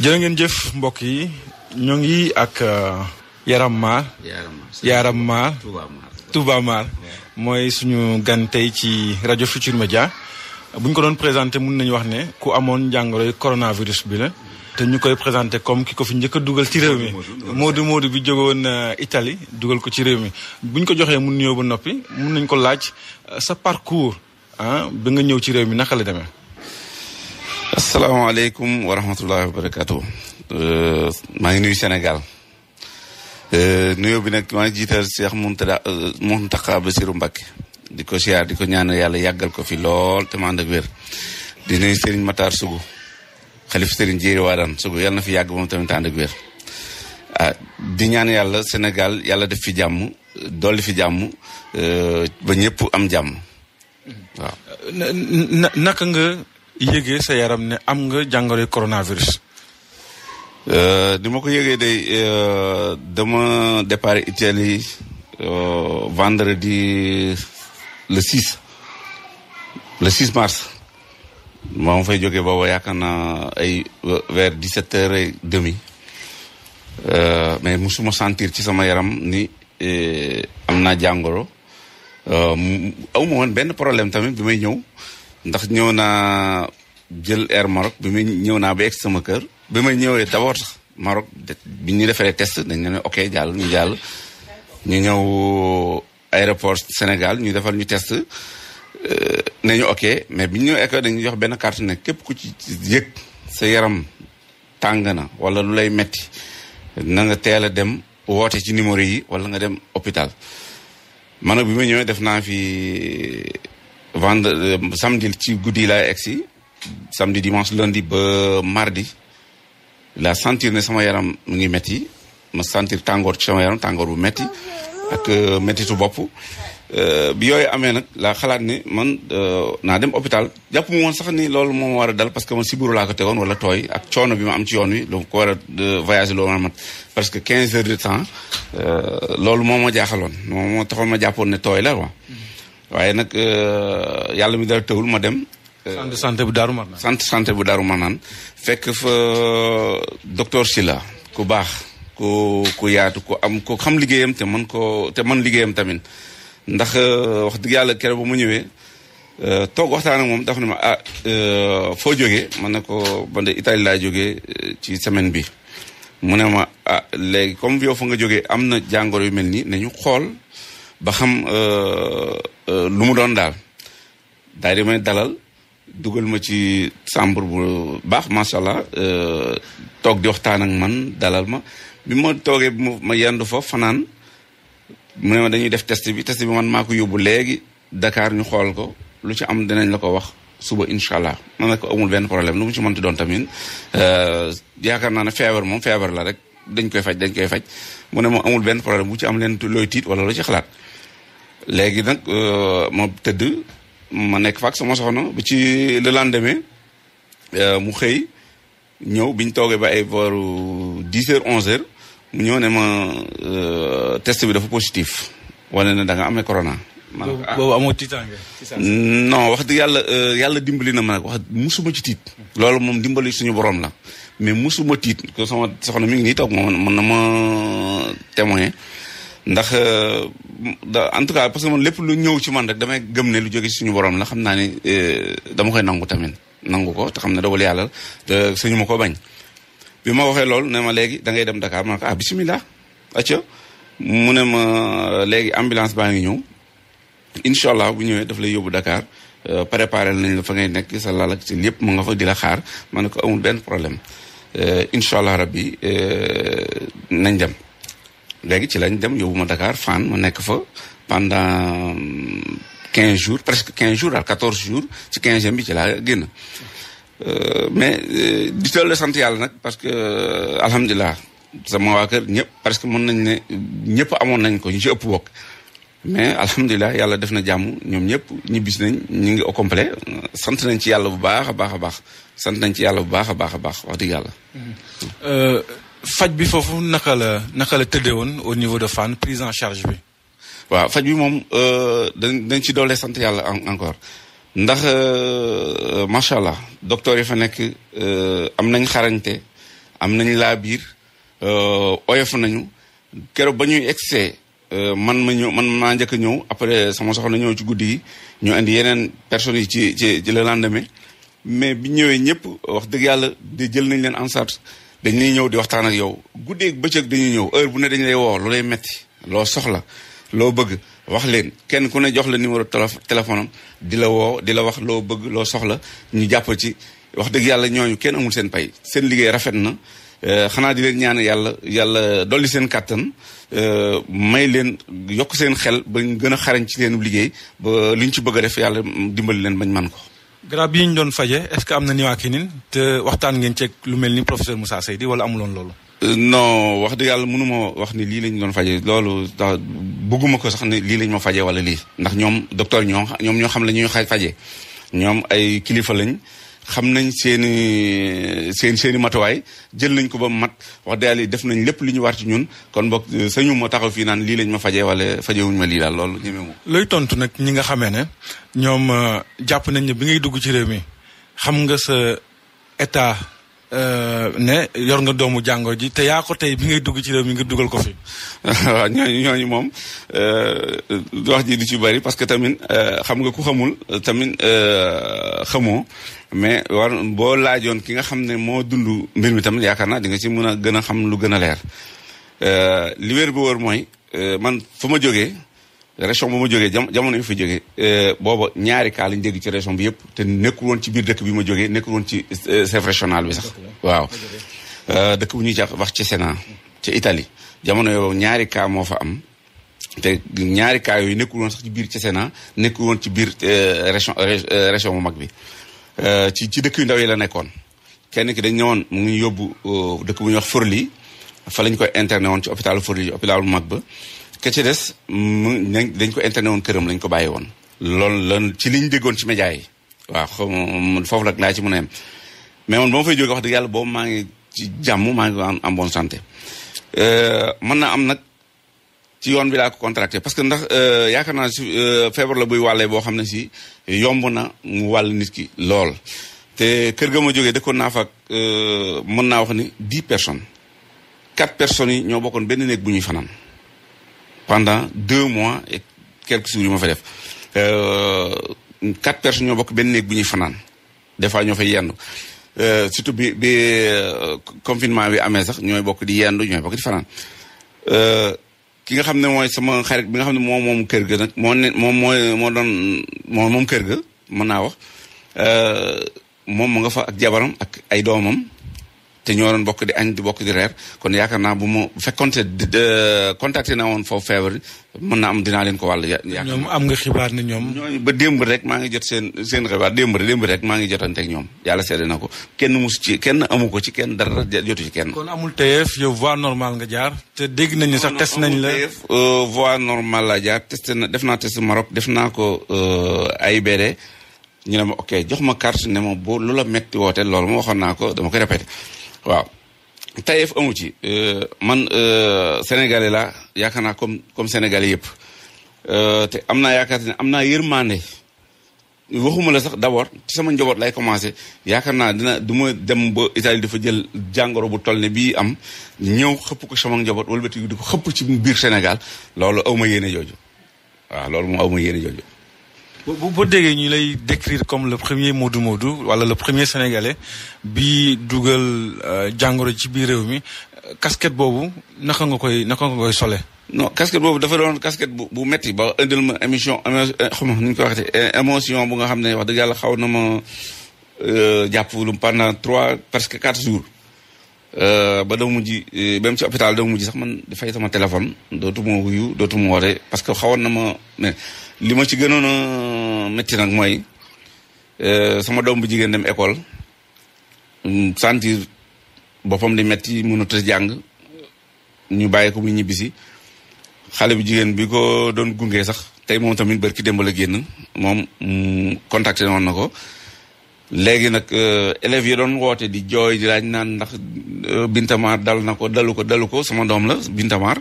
jërë ngeen jëf mbokk yi ñoo ngi ak uh, Yaram Maar Yaram Maar Touba Maar mooy suñu gan tey ci rajo Futur Media buñ ko doon présenté mun nañu wax ne ku amoon jàngoroy coronavirus bi la te ñu koy présenté comme ki ko fi njëkk a dugal ci réew mi moodu Modou bi jógoon uh, Italie dugal ko ci réew mi buñ ko joxee mun ñëw ba noppi mun nañ ko laaj uh, sa parcours ah bi nga ñëw ci réew mi naka la demee asalaamaaleykum wa rahmatullahi wa barakaatu. Euh, maa ngi nuyu Sénégal euh, nuyoo bi nag maa ngi jiital Cheikh Mountada euh, Mountakha Bassirou Mbacké di ko siyaar di ko ñaanal yàlla yàggal ko fi lool te ma di nuyu Serigne Matar Sugu xalif Serigne Jéeri Waadaan na fi yàgg moom tamit te ànd ak ah, di ñaan yàlla Sénégal yàlla def fi jàmm dolli fi jàmm ba ñëpp am jàmm naka nga. yëgee sa yaram ne am nga jàngoro coronavirus. Euh, ni ma ko yëgee day euh, dama départ Italie euh, vendredi le 6 le 6 mars maa ma fay jógee booba yaakaar naa ay vers 17 heures et demi mais musuma sentir ci sama yaram ni am naa jàngoro aw ma woon benn problème tamit bi may ñëw. ndax ñëw naa jël air Maroc bi may ñëw naa ba egg sama kër bi may ñëwee d'abord sax Maroc bi ñu defaree test dañ ne ok jàll ñu jàll ñu ñëw aéroport Sénégal ñu defal ñu test euh, ne ñu ok mais bi ñu ñëw école dañuy jox benn carte ne képp ku ci yëg sa yaram tàng na wala lu lay metti na nga teel a dem woote ci numéro yi wala nga dem hôpital man bi ma ñëwee def naa fi vendre euh, samedi ci guddi laa egsi samedi dimanche lundi ba mardi la sentir ne sama yaram mu ngi metti ma sentir tàngoor ci sama yaram tàngoor bu metti ak euh, mettitu bopp euh, bi yooyu amee nag laa xalaat ni man naa dem hôpital jàpp mu sax ni loolu moom war a dal parce que man sibiru laa ko tegoon wala tooy ak coono bi ma am ci yoon wi lu ko war a voyagé loolu ma parce que quinze heures de temps loolu moo ma jaaxaloon moom moo taxoon ma jàppoon ne tooy la waaye nag euh, yàlla mi dara tëwul ma dem. Euh, santé bu Daaru Marnaan. centre santé bu Daaru Marnaan fekk fa euh, docteur Sylla ku baax ku ku yaatu ku am ku xam liggéeyam te man ko te man liggéeyam tamit ndax wax dëgg yàlla kere ba mu ñëwee. toog waxtaan ak moom dafa ne ma ah foo jóge man ne ko man de Italie laa jógee ci semaine bi mu ne ma ah léegi comme yow fa nga jógee am na jàngoro yu mel nii nañu xool ba xam euh, euh, lu mu doon daal daal di may dalal dugal ma ci chambre bu baax macha allah euh, toog di waxtaan man dalal ma bi ma toogee bi ma yendu fa fanaan mu ne ma dañuy def test bi test bi man maa ko yóbbu léegi dakaar ñu xool ko lu ci am nañ la ko wax suba incha allah man ne ko amul benn problème lu mu ci mënti doon tamit yaakaar naa ne feebar moom feebar la rek dañ koy faj dañ koy faj mu ne ma amul benn problème bu ci am leen looy tiit wala lu ci xalaat léegi nag euh, ma tëdd ma nekk fa ak sama soxna ba ci le lendemain euh, mu xëy ñëw biñ toogee ba ay booru 10 heures 11 heures mu ñëw ne ma euh, test bi dafa positif wane ne da nga amee corona. ma ne ko ah boobu non wax dëgg yàlla yàlla dimbali na ma nag wax musuma ci tiit. loolu moom dimbali suñu borom la mais musuma tiit ko soxna mi ngi nii toog moom mën na ma témoigner. ndax euh, en tout cas parce que man lépp lu ñëw ci man rek damay gëm ne lu jóge suñu borom la xam naa ni euh, dama koy nangu tamit nangu ko te xam ne dogal yàlla te suñu ma ko bañ bi ma waxee loolu ne ma léegi da ngay dem Dakar ko ah bisimilah acca mu ne ma euh, léegi ambulance baa ngi ñëw incha allah bu ñëwee daf lay yóbbu Dakar préparé nañ la fa nekk sa lal ak si lépp mu nga fa di xaar ma ne ko amul benn problème incha allah rabbi nañ dem léegi ci lañ dem yóbbu ma Dakar fan ma nekk fa pendant euh, quinze jours presque quinze jours daal quatorze jours ci quinzième bi ci laa génn euh, mais euh, di teel sant yàlla nag parce que alhamdulilah sama waa kër ñëpp presque mën nañ ne ñëpp amoon nañ ko ñu ci ëpp bokk mais alhamdulilah yàlla def na jàmm ñoom ñëpp ñibbis nañ ñu ngi au complet sant nañ ci yàlla bu baax a baax a baax sant nañ ci yàlla bu baax a baax a baax wax yàlla mm-hmm. hmm. faj bi foofu naka la naka la tëddee woon au niveau de Fann prise en charge bi. waaw faj bi moom euh, dañ dañ ci doole sant yàlla encore ndax euh, macha allah docteur yi fa nekk euh, am nañ xarañte am nañ laa biir oyof nañu keroog ba ñuy egsee man ma ñëw man maa njëkk ñëw après sama soxna ñëw ci guddi yi ñu indi yeneen personnes yi ci ci ci le lendemain mais bi ñëwee ñëpp wax dëgg yàlla di jël nañ leen en charge dañuy ñëw di waxtaan ak yow guddeeg bëccëg dañuy ñëw heure bu ne dañu lay woo lu lay metti loo soxla loo bëgg wax leen kenn ku ne jox la numéro téléphone am di la woo di la wax loo bëgg loo soxla ñu jàppal ci wax dëgg yàlla ñooñu kenn amul seen pay seen liggéey rafet na euh, xanaa di leen ñaan yàlla yàlla dolli seen kàttan euh, may leen yokk seen xel ba ñu gën a xarañ ci seen liggéey ba li ñu ci bëgg a def yàlla dimbali leen bañ man ko garab yi ñu doon faje est-ce que am na niwaakinin te waxtaan ngeen ceeg lu mel ni professeur Moussa di wala amuloon loolu euh, no wax dëgg yàlla mënuma wax ni lii lañ doon faje loolu da bëgguma ko sax ne lii lañ ma faje wala lii ndax ñoom docteur ñoo ñoom ñoo xam la ñuy xaj faje ñoom ay kilifa lañ xam nañ seen i seen seen i matuwaay jël nañ ko ba mu mat wax dëgg yàlla def nañ lépp lu ñu war ci ñun kon boog euh, sañu ma taxaw fii naan lii lañ ma fajee wale fajewuñ ma lii daal loolu ñeme mu. looy tontu nag ñi nga xamee ne ñoom euh, jàpp nañ ne bi ngay dugg ci réew mi xam nga sa état. Euh, ne yor nga doomu jàngoro ji te yaa tey bi ngay dugg ci réew mi nga dugal ko fi. waaw ñooñu ñooñu moom wax ji di ci bari parce que tamit xam nga ku xamul tamit xamoo. mais war boo laajoon ki nga xam ne moo dund mbir mi tamit yaakaar naa di nga ci mën a gën a xam lu gën a leer euh, li wér bi wóor mooy euh, man fu ma jógee région bu ma jógee jamono yu fa jógee euh, booba ñaari kaa lañ dégg ci région bi yëpp te nekkul ci biir dëkk bi ma jógee nekkul woon ci chef bi sax waaw dëkk bu ñuy jax wax ci Sénat ci Italie jamono yow ñaari kaa moo fa am te ñaari kaa yooyu nekku woon sax ci biir ci Sénat nekkul woon ci biir région région bu mag bi Euh, ci ci dëkk yu ndaw yi la nekkoon kenn ki dañ ñëwoon mu ngi yóbbu euh, dëkk bu ñuy wax Forli fa lañ koy interné woon ci hôpital Forli hôpital bu mag ba ke ci des mu dañ ko interné woon këram lañ ko bàyyi woon. lool lan ci liñ déggoon ci média yi waaw foofu nag laa ci mun a yem mais man ba ma fay wax dëgg yàlla boobu maa ngi ci jàmm maa ngi en bonne santé euh, ci yoon bi laa ko contracté parce que ndax euh, yaakaar naa si euh, feebar la buy wàllee boo xam ne si yomb na mu wàll nit ki lool. te kër ga ma jógee dëkkoon naa fa euh, mën naa wax ni dix personnes quatre personnes yi ñoo bokkoon benn néeg bu ñuy fanaan pendant deux mois et quelques jours ma fa def quatre personnes ñoo bokk benn néeg bu ñuy fanaan des fois ñoo fay yendu surtout bi bi confinement bi amee sax ñooy bokk di yendu ñooy bokk di fanaan. ki nga xam ne mooy sama xarit bi nga xam ne moom moom kër ga nag moo ne moom mooy moo doon moo moom kër ga mën naa wax euh, moom mu nga fa ak jabaram ak ay doomam te ñoo doon di añ di bokk di reer kon yaakaar naa bu mu fekkonte contacté na woon foofu feebar mën naa am dinaa leen ko wàll. yaakaar ñoom am nga xibaar ne ñoom. ñooñu ba démb rek maa ngi jot seen seen xibaar démb démb rek maa ngi jotante ñoom yàlla seede na ko kenn mus ci kenn amu ko ci kenn dara jotu ci kenn. kon amul teyef yow voie normal nga jaar. te dégg nañ ne sax test nañ la euh, voie normale la jaar testé na def naa test Maroc def naa ko euh, AIBD ñu ne ma ok jox ma carte ne moom bo lu la metti woote loolu ma waxoon naa ko dama koy répété. waaw tayef amu ci euh, man euh, sénégalais la yaakaar naa comme comme sénégalais yëpp euh, te am naa yaakaar ne am naa yërmande waxuma la sax d'abord ci sama njaboot lay commencé yaakaar naa dina du ma dem ba Italie dafa jël jàngoro bu toll ne bii am ñëw xëpp ko sama njaboot wala bati di ko xëpp ci biir Sénégal loolu aw ma yéene jooju waaw loolu moom aw ma yéene jooju boo boo déggee ñu lay décrire comme le premier Modou Modou wala le premier sénégalais bi dugal euh, jàngoro ci biir réew mi casquette boobu naka nga koy naka nga koy sole non casquette boobu dafa doon casquette bu bu metti ba indil ma émission eh, xam nu ñu ko waxte eh, émotion bu nga xam ne wax dëgg yàlla xaw na ma euh, jàppulum pendant trois presque quatre jours euh, ba dama mujj eh, même ci hôpital dama mujj sax man dafay sama téléphone dootuma wuyu dootuma woote parce que xawoon na ma mais li ma ci gënoon a métti nag mooy euh, sama doom bu jigéen dem école sentir boppam di métti mënut a jàng ñu bàyyi ko mu ñibbisi xale bu jigéen bi ko doon gunge sax tey moom tamit barki démb la génn moom contacté woon na ko léegi nag euh, élèves yi doon woote di jooy di laaj naan ndax euh, Bintamar dal na ko dalu ko dalu ko sama doom la Bintamar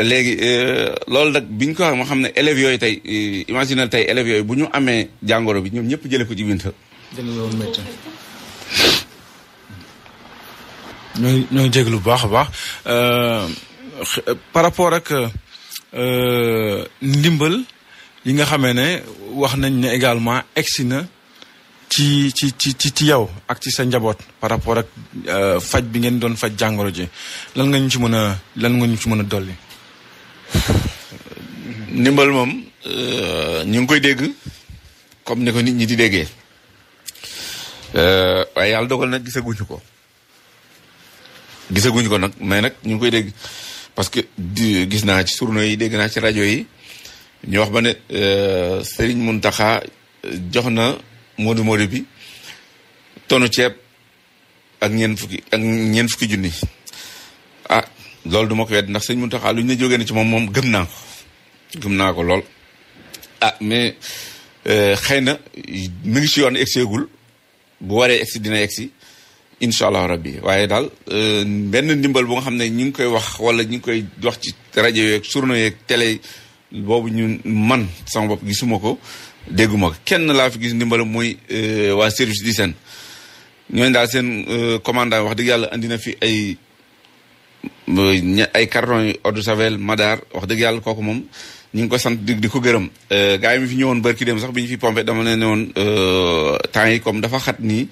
léegi euh, loolu nag bi ñu ko xam ne élèves yooyu tey euh, imaginal tey élèves yooyu bu ñu amee jàngoro bi ñoom ñëpp jëlee ko ci Binta. dina loolu métti. ñooy ñooy jéglu bu baax a baax euh, par rapport ak ndimbal yi nga xame ne wax nañ ne également egsi na ci ci ci ci yow ak ci sa njaboot par rapport ak faj bi ngeen doon faj jàngoro ji lan nga ñu ci mën a lan nga ñu ci mën a dolli. ndimbal moom euh, ñu ngi koy dégg comme ne ko nit ñi di déggee euh, waaye yàlla dogal nag gisaguñu ko gisaguñu ko nag mais nag ñu ngi koy dégg parce que gis naa ci surno yi dégg naa ci rajo yi ñu wax ba ne euh, Serigne Mountakha jox na Modou Modou bi tonu ceeb ak ñeent fukki fukki junni. loolu duma ko wedd ndax sëñ Mountakha lu ñu ne jógee ci moom moom gëm naa naa ko lool ah mais euh, xëy na mi ngi ci yoon egseegul bu waree egsi dina egsi incha allahu rabbi waaye daal euh, benn ndimbal bu nga xam ne ñu ngi koy wax wala ñu ngi koy wax ci rajo yeeg journaux yeeg télé boobu ñu man sama bopp gisuma ko dégguma kenn laa fi gis ndimbalam mooy euh, waa service d'hygiène ñooñu daal seen commandant wax dëgg yàlla andi na fi ay ay carton yi eau de Javel Madar wax dëgg yàlla kooku moom ñu ngi ko sant di ko gërëm euh, gars yi mi fi ñëwoon barki dem sax bi ñu fi pompé dama ne woon euh, temps yi comme dafa xat nii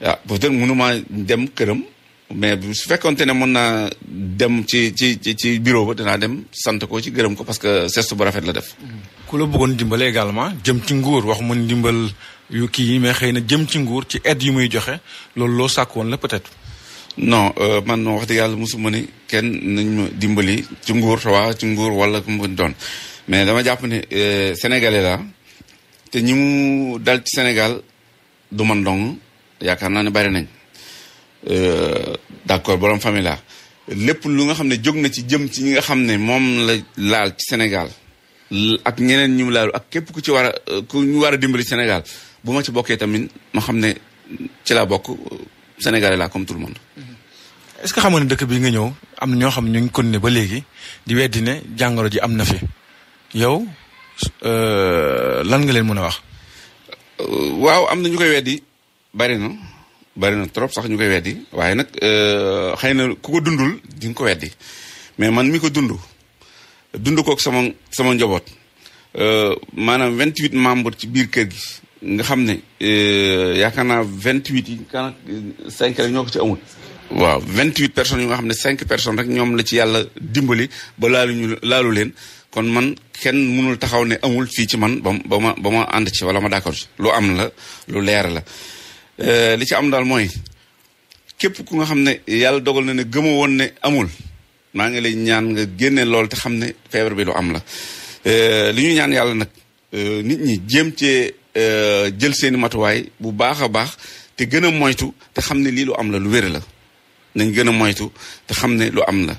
waaw ah, peut-être mënuma dem këram mais su fekkonte ne mën naa dem ci ci ci bureau ba dinaa dem sant ko ci gërëm ko parce que geste bu rafet la def. ku la bëggoon dimbale également jëm ci nguur wax mën dimbal yu kii yi mais xëy na jëm ci nguur ci aide yi muy joxe loolu loo sàkk woon la peut-être. non euh, man wax dëgg yàlla mosuma ni kenn nañ ma dimbali ci nguur waa ci nguur wala ku mu doon mais dama jàpp ne euh, sénégalais la te ñi mu dal ci Sénégal du man yaakaar naa ne bari nañ euh, d'accord borom familia lépp lu nga xam ne jóg na ci jëm ci ñi nga xam ne moom la laal ci Sénégal ak ñeneen ñi mu laal ak képp ku ci war a ku war a dimbali Sénégal bu ma ci bokkee tamit ma xam ne ci laa bokk. Sénégalais laa comme tout le monde. est-ce que xam na ne dëkk bi nga ñëw am na ñoo xam ñu ngi kon ne ba léegi di weddi jàngoro ji am na fi yow euh, lan nga leen mën a wax. Euh, waaw am na ñu koy weddi bari na bari na trop sax ñu koy weddi waaye nag euh, xëy na ku ko dundul di nga ko weddi mais man mi ko dund dund kook sama sama njaboot maanaam 28 membres ci biir kër gi. nga xam ne euh, yaakaar naa vingt huit yi kan euh, cinq rek ñoo ko ci amul. waaw vingt huit personnes yu nga xam ne cinq personnes rek ñoom la ci yàlla dimbali ba laalu ñu laalu leen kon man kenn mënul taxaw ne amul fii ci man ba ma ba ma ànd ci wala ma d'accord ci lu am la lu leer la. Euh, li ci am daal mooy képp ku nga xam ne yàlla dogal na ne gëma woon ne amul maa ngi lay ñaan nga génne lool te xam ne feebar bi lu am la li ñaan yàlla nag nit ñi jéem cee. Euh, jël seeni matuwaay bu baax a baax te gën a moytu te xam ne lii lu am la lu wér la nañ gën a moytu te xam ne lu am la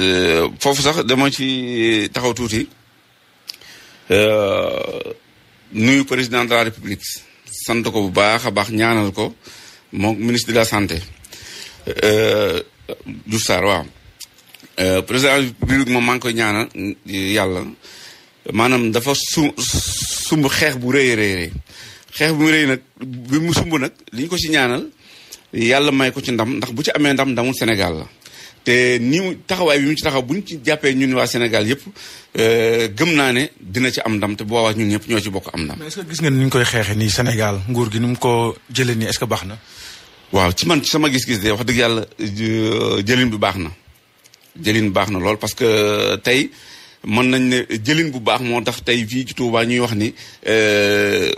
euh, foofu sax dama ci taxaw tuuti euh, nuyu président de la république sant ko bu baax a baax ñaanal ko moom ministre de la santé Diouf Sarr président république moom maa ngi koy ñaanal yàlla maanaam dafa su sumb xeex bu rëy rëy rëy xeex bu rëy nag bi mu sumb nag liñ ko ci ñaanal yàlla may ko ci ndam ndax bu ci amee ndam ndamul Sénégal la te ni taxawaay bi mu ci taxaw bu ñu ci jàppee ñun waa Sénégal yëpp euh, gëm naa ne dina ci am ndam te boobaa ñun ñëpp ñoo ci bokk am ndam. mais est-ce que gis ngeen ni ñu koy xeexee nii Sénégal nguur gi ni mu ko jëlee nii est baax na. waaw ci man sama gis-gis de wax dëgg yàlla euh, jëlin bi baax na jëlin bi baax na lool parce euh, tey. mën nañ ne jëlin bu baax moo tax tey fii ci Touba ñuy wax ni euh,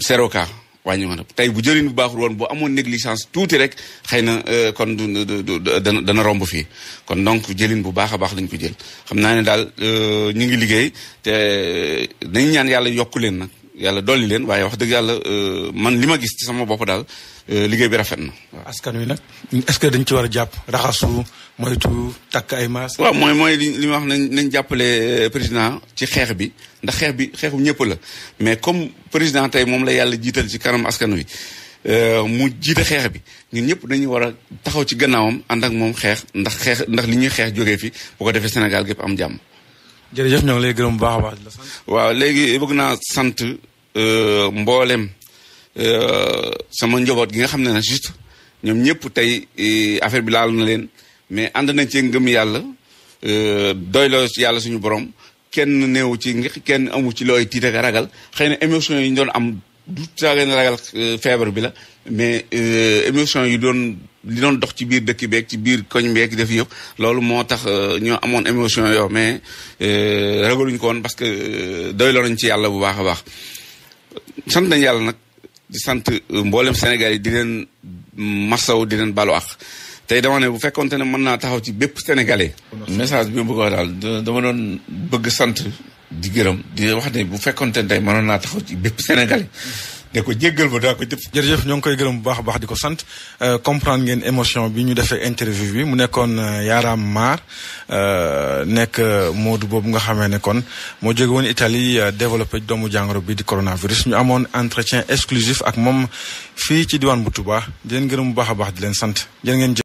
seroka wàññi woon tey bu jëlin bu baaxul woon bu amoon néglisance tuuti rek xëy na euh, kon du du dana romb fii kon donc jëlin bu baax a baax lañ ko jël xam naa ne daal euh, ñu ngi liggéey te dañu ñaan yàlla yokku leen na yàlla dolli leen waaye wax dëgg yàlla man li ma gis ci sama bopp daal Euh, liggéey bi rafet na. askan wi nag est-ce que dañ ci war a jàpp raxasu moytu takk ay maas. waaw mooy mooy li ma nañ nañ jàppale euh, président ci xeex bi ndax xeex bi xeexu ñëpp la mais comme président tey moom la yàlla jiital ci kanam askan wi. Euh, mu jiite xeex bi ñun ñëpp dañuy war a taxaw ci gannaawam ànd ak moom xeex ndax xeex ndax li ñuy xeex jógee fi bu defee Sénégal gépp am jàmm. jërëjëf ñoo ngi lay gërëm bu baax a baax. waaw léegi bëgg naa sant mbooleem Euh, sama njaboot gi nga xam ne na juste ñoom ñëpp tey e, affaire bi laal na leen mais ànd nañ ci ngëm yàlla e, doyloo yàlla suñu borom kenn néewu ci ngi kenn amu ci looy tiit ak ragal xëy na émotion yi ñu doon am du ragal e, feebar bi la mais émotion yi doon li doon dox ci biir dëkk beeg ci biir koñ beeg def yëpp loolu moo tax ñoo amoon émotion yoo mais ragaluñu ko woon parce que doyloo nañ ci yàlla bu baax a baax sant yàlla nag di sant euh, mboolem Sénégal yi di leen masaw di leen balu ak tey dama ne bu fekkonte ne mën naa taxaw ci bépp sénégalais. message bi ma daal dama doon bëgg sant di gërëm di wax ne bu fekkonte ne tey mënoon naa taxaw ci bépp sénégalais. ne ko jéggal ma daa ko jëf. ñoo ngi koy gërëm bu baax a baax di ko sant euh, comprendre ngeen émotion bi ñu defee interview bi mu nekkoon euh, Yaram Maar euh, nekk Modou boobu nga xamee ne kon moo jóge woon itali développé doomu jàngoro bi di coronavirus ñu amoon entretien exclusif ak moom fi ci diwaan bu Touba di leen gërëm bu baax a baax di leen sant jërë ngeen